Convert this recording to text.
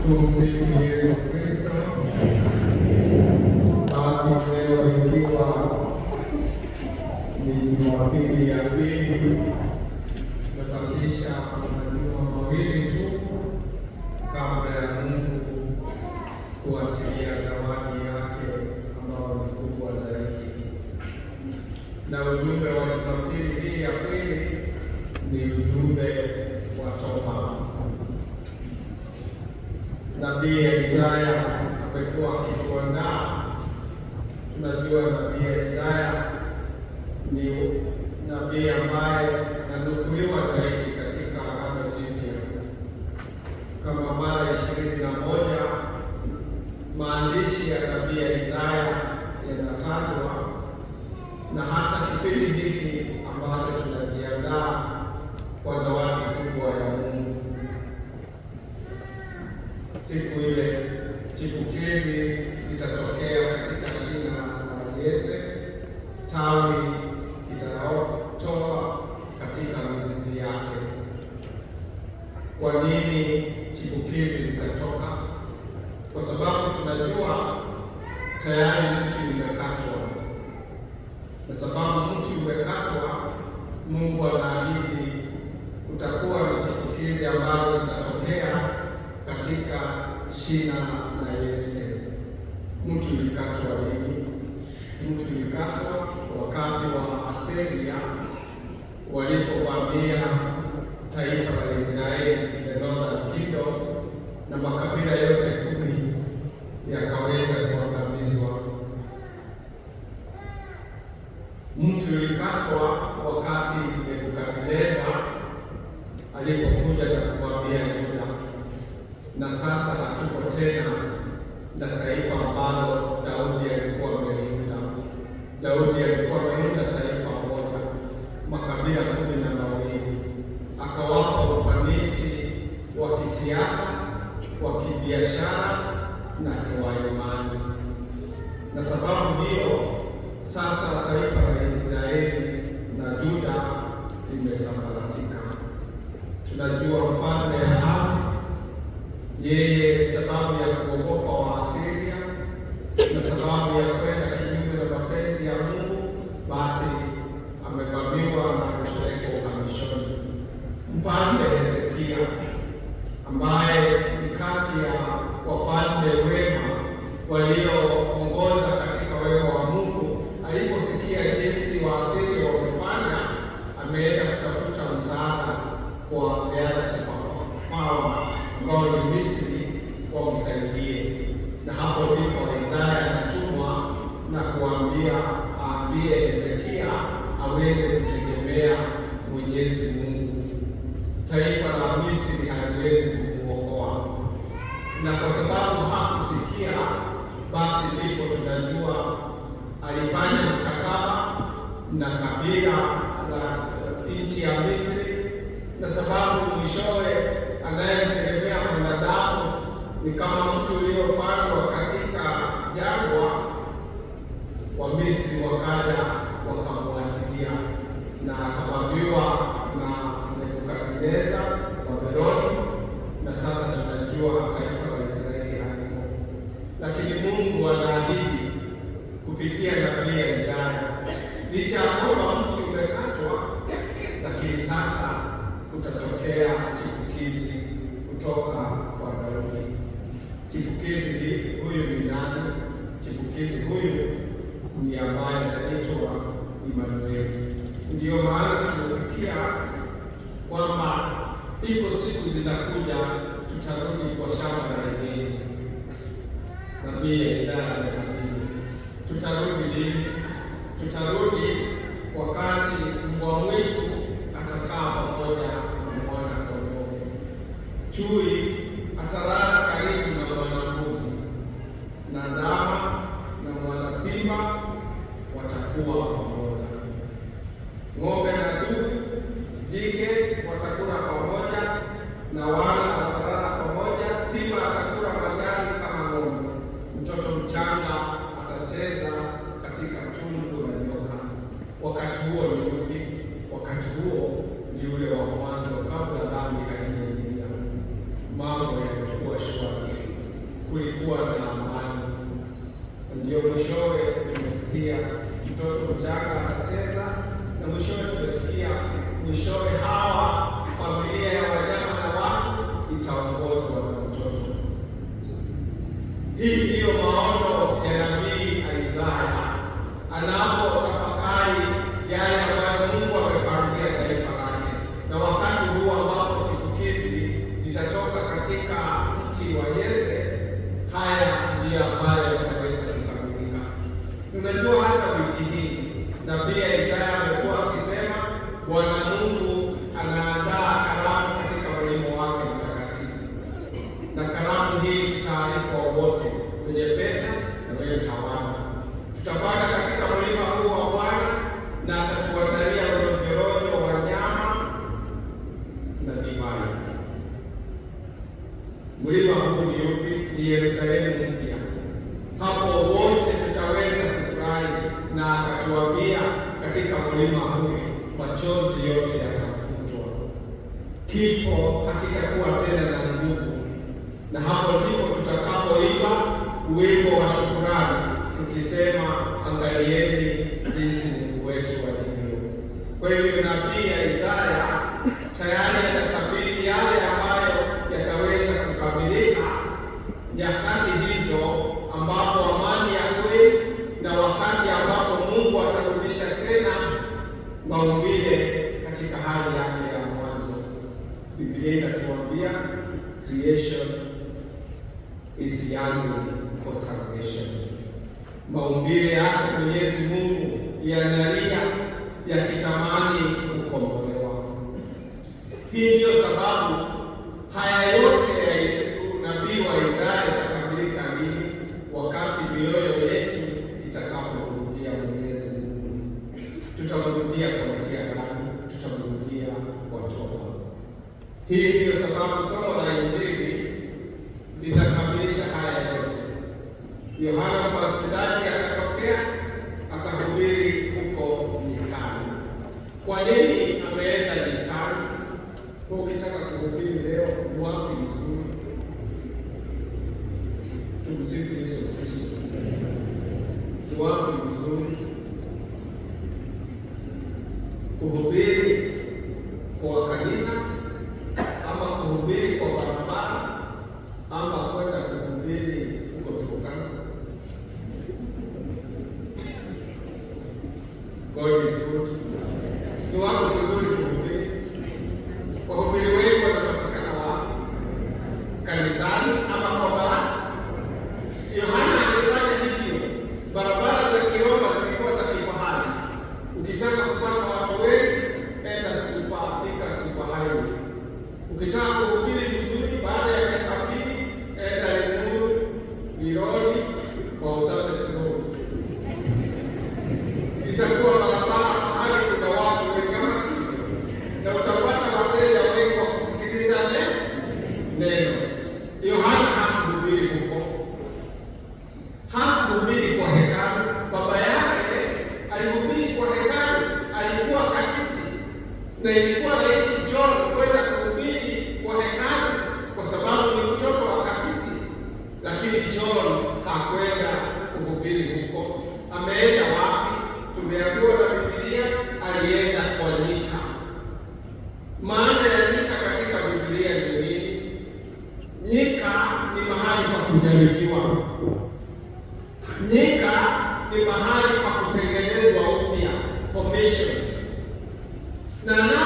Tumsifu Yesu Kristo. Basi leo ikiwa ni Jumapili ya pili, tumebakisha majuma mawili tu kabla ya Mungu kuachilia zawadi yake ambayo ni zaidi, na ujumbe wa Jumapili hii ya pili ni Nabii Isaya amekuwa akituandaa. Tunajua nabii Isaya ni nabii ambaye anatumiwa zaidi katika Agano Jipya. Kama mara ishirini na moja maandishi ya nabii Isaya yanatajwa, na hasa kipindi hiki ambacho tunajiandaa kwa siku ile chipukizi itatokea katika shina la yese tawi itatoa katika mizizi yake. Kwa nini chipukizi litatoka? Kwa sababu tunajua tayari mti umekatwa, kwa sababu mti umekatwa, Mungu anaahidi utakuwa na chipukizi ambayo katika shina la Yese. Mtu ilikatwa lini? Mtu ilikatwa wakati wa Asiria walipovamia taifa la Israeli eneo la Kido na makabila yote na taifa ambalo Daudi alikuwa amelinda. Daudi alikuwa amelinda taifa moja, makabila kumi na mawili, akawapa ufanisi wa kisiasa, wa kibiashara na imani. Na sababu hiyo sasa taifa la Israeli na juda limesambaratika. Tunajua mfalme basi amevamiwa na kupelekwa uhamishoni. Mfalme Hezekia ambaye ni kati ya wafalme wema walioongoza katika wema wa Mungu, aliposikia jinsi waasiri wamefanya, ameenda kutafuta msaada kwa Ahasuerus ambao ni Misri wamsaidie, na hapo ndipo Isaya anatumwa na kuambia aambie aweze kutegemea Mwenyezi Mungu. Taifa la Misri haliwezi kumwokoa, na kwa sababu hakusikia, basi ndipo tunajua alifanya mkataba na kabila la nchi ya Misri, na sababu mwishowe anayetegemea mwanadamu ni kama mtu uliopandwa katika jangwa. misri wakaja na tukaambiwa na Nebukadneza Babiloni, na sasa tunajua taifa la Israeli halimo, lakini Mungu anaahidi kupitia nabii Isaya, licha ya kwamba mti umekatwa, lakini sasa utatokea chipukizi kutoka kwa Daudi. Chipukizi huyu ni nani? Chipukizi huyu ni ambaye ataitwa Imanueli. Ndiyo maana tunasikia kwamba iko siku zitakuja tutarudi kwa shamba la Edeni. Nabii Isaya ametabiri tutarudi lini? Tutarudi wakati mbwa mwitu atakaa pamoja na mwana kondoo. Chui watakula pamoja na wana watalala pamoja. Simba atakula majani kama ng'ombe, mtoto mchanga atacheza katika tundu la nyoka. Wakati huo ni upi? Wakati huo ni ule wa mwanzo, kabla dhambi haijaingia. Mambo yalikuwa shwari, kulikuwa na amani. ndio mwishowe tumesikia mtoto mchanga atacheza, na mwishowe tumesikia mwishowe hao Hii ndiyo maono ya nabii Isaya ana ni Yerusalemu mpya. Hapo wote tutaweza kufurahi, na akatuambia katika mlima huu machozi yote yatafutwa, kifo hakitakuwa tena na nguvu, na hapo ndipo tutakapoimba wimbo wa shukurani tukisema, angalieni jinsi Mungu wetu alivyo. Kwa hiyo nabii is yangu for salvation. Maumbile yake Mwenyezi Mungu yanalia yakitamani kukombolewa. Hii ndiyo sababu haya yote ya unabii wa Isaya itakamilika lini? Wakati mioyo yetu itakapomrudia Mwenyezi Mungu. Tutamrudia kwa njia gani? Tutamrudia kwa toba. Hii ndiyo sababu somo la Injili Yohana Mbatizaji akatokea akahubiri huko nyikani. Kwa nini ameenda nyikani? Kwa ukitaka kuhubiri leo ni wapi mzuri? Tumsifu Yesu Kristo. wapi mzuri kuhubiri ameenda wapi? Tumeambiwa na Biblia alienda kwa nyika. Maana ya nyika katika Biblia ni nini? Nyika ni mahali pa kujaribiwa. Nyika ni mahali pa kutengenezwa upya, formation na